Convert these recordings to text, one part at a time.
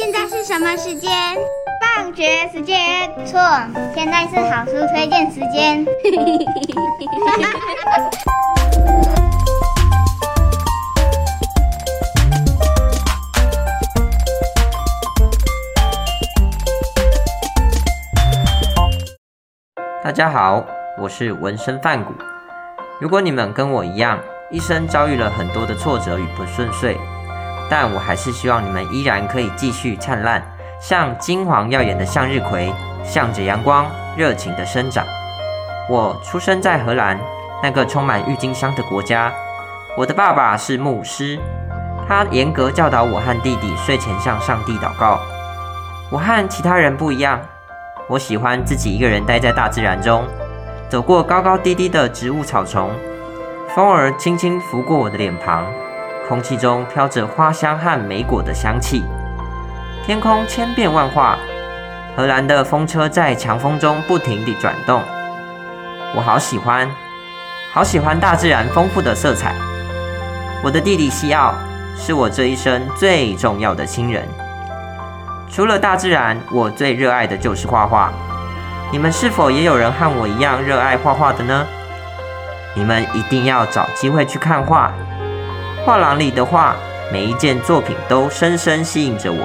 現在是什麼時間？放學時間。錯，現在是好書推薦時間。 大家好，我是文森梵谷。如果你們跟我一樣，一生遭遇了很多的挫折與不順遂。但我還是希望你們依然可以繼續燦爛，像金黃耀眼的向日葵，向着陽光熱情地生長。我出生在荷蘭，那個充滿鬱金香的國家。我的爸爸是牧師，他嚴格教導我和弟弟睡前向上帝禱告。我和其他人不一樣，我喜歡自己一個人待在大自然中，走過高高低低的植物草叢，風兒輕輕拂過我的臉龐。空氣中飄着花香和莓果的香氣，天空千變萬化，荷蘭的風車在強風中不停地轉動。我好喜歡，好喜歡大自然豐富的色彩。我的弟弟西奧是我這一生最重要的親人。除了大自然，我最熱愛的就是畫畫。你們是否也有人和我一樣熱愛畫畫的呢？你們一定要找機會去看畫。畫廊裡的畫，每一件作品都深深吸引着我。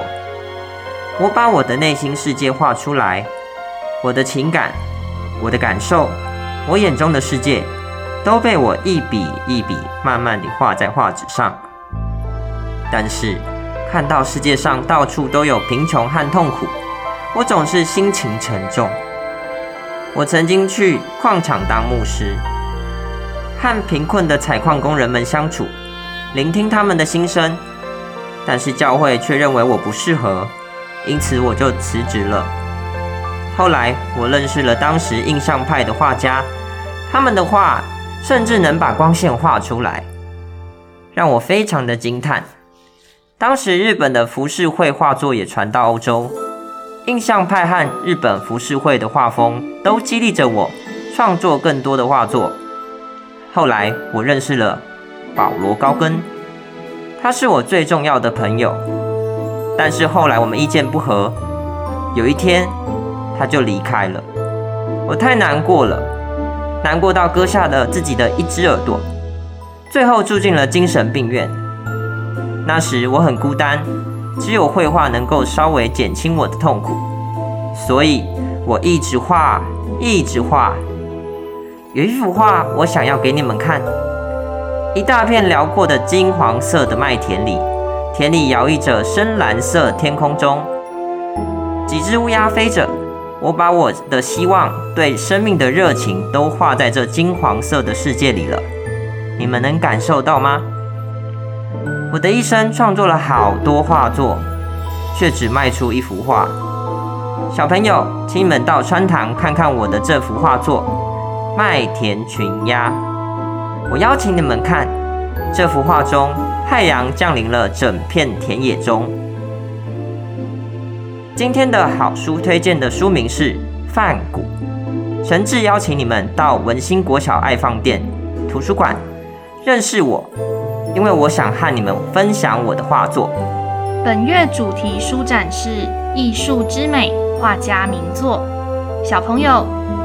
我把我的內心世界畫出來，我的情感，我的感受，我眼中的世界，都被我一筆一筆慢慢地畫在畫紙上。但是，看到世界上到處都有貧窮和痛苦，我總是心情沉重。我曾經去礦場當牧師，和貧困的採礦工人們相處。聆聽他們的心聲，但是教會卻認為我不適合，因此我就辭職了。後來我認識了當時印象派的畫家，他們的畫甚至能把光線畫出來，讓我非常的驚嘆。當時日本的浮世繪畫作也傳到歐洲，印象派和日本浮世繪的畫風都激勵着我創作更多的畫作。後來我認識了。保羅高更，他是我最重要的朋友，但是後來我們意見不合，有一天他就離開了，我太難過了，難過到割下了自己的一隻耳朵，最後住進了精神病院。那時我很孤單，只有繪畫能夠稍微減輕我的痛苦，所以我一直畫，一直畫。有一幅畫，我想要給你們看。一大片遼闊的金黃色的麥田裡，田裡搖曳着深藍色天空中幾隻烏鴉飛着。我把我的希望、對生命的熱情都畫在這金黃色的世界裡了，你們能感受到嗎？我的一生創作了好多畫作，卻只賣出一幅畫。小朋友，請你們到穿堂看看我的這幅畫作《麥田群鴉》。我邀請你們看這幅畫中，太陽降臨了整片田野中。今天的好書推薦的書名是《梵谷》。誠摯邀請你們到文欣國小愛放電圖書館認識我，因為我想和你們分享我的畫作。本月主題書展是藝術之美，畫家名作，小朋友。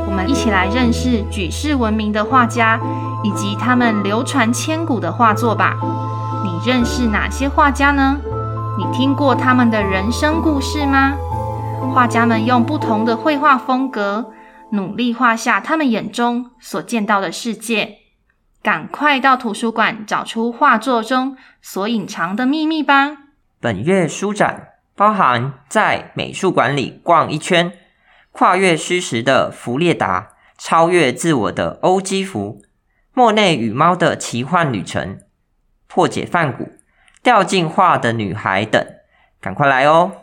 我們一起來認識舉世聞名的畫家，以及他們流傳千古的畫作吧。你認識哪些畫家呢？你聽過他們的人生故事嗎？畫家們用不同的繪畫風格，努力畫下他們眼中所見到的世界。趕快到圖書館找出畫作中所隱藏的秘密吧。本月書展包含在美術館裡逛一圈。跨越虛實的弗列達，超越自我的歐姬芙，莫內與貓的奇幻旅程，破解梵谷，掉進畫的女孩等，趕快來哦！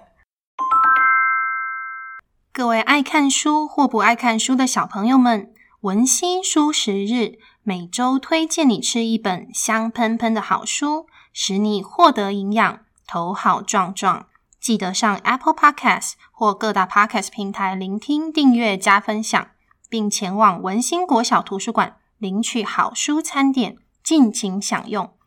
各位愛看書或不愛看書的小朋友們，文欣書食日，每週推薦你吃一本香噴噴的好書，使你獲得營養，頭好壯壯。記得上 Apple Podcast 或各大 Podcast 平台聆聽、訂閱、加分享，並前往文欣國小圖書館領取好書餐點，盡情享用。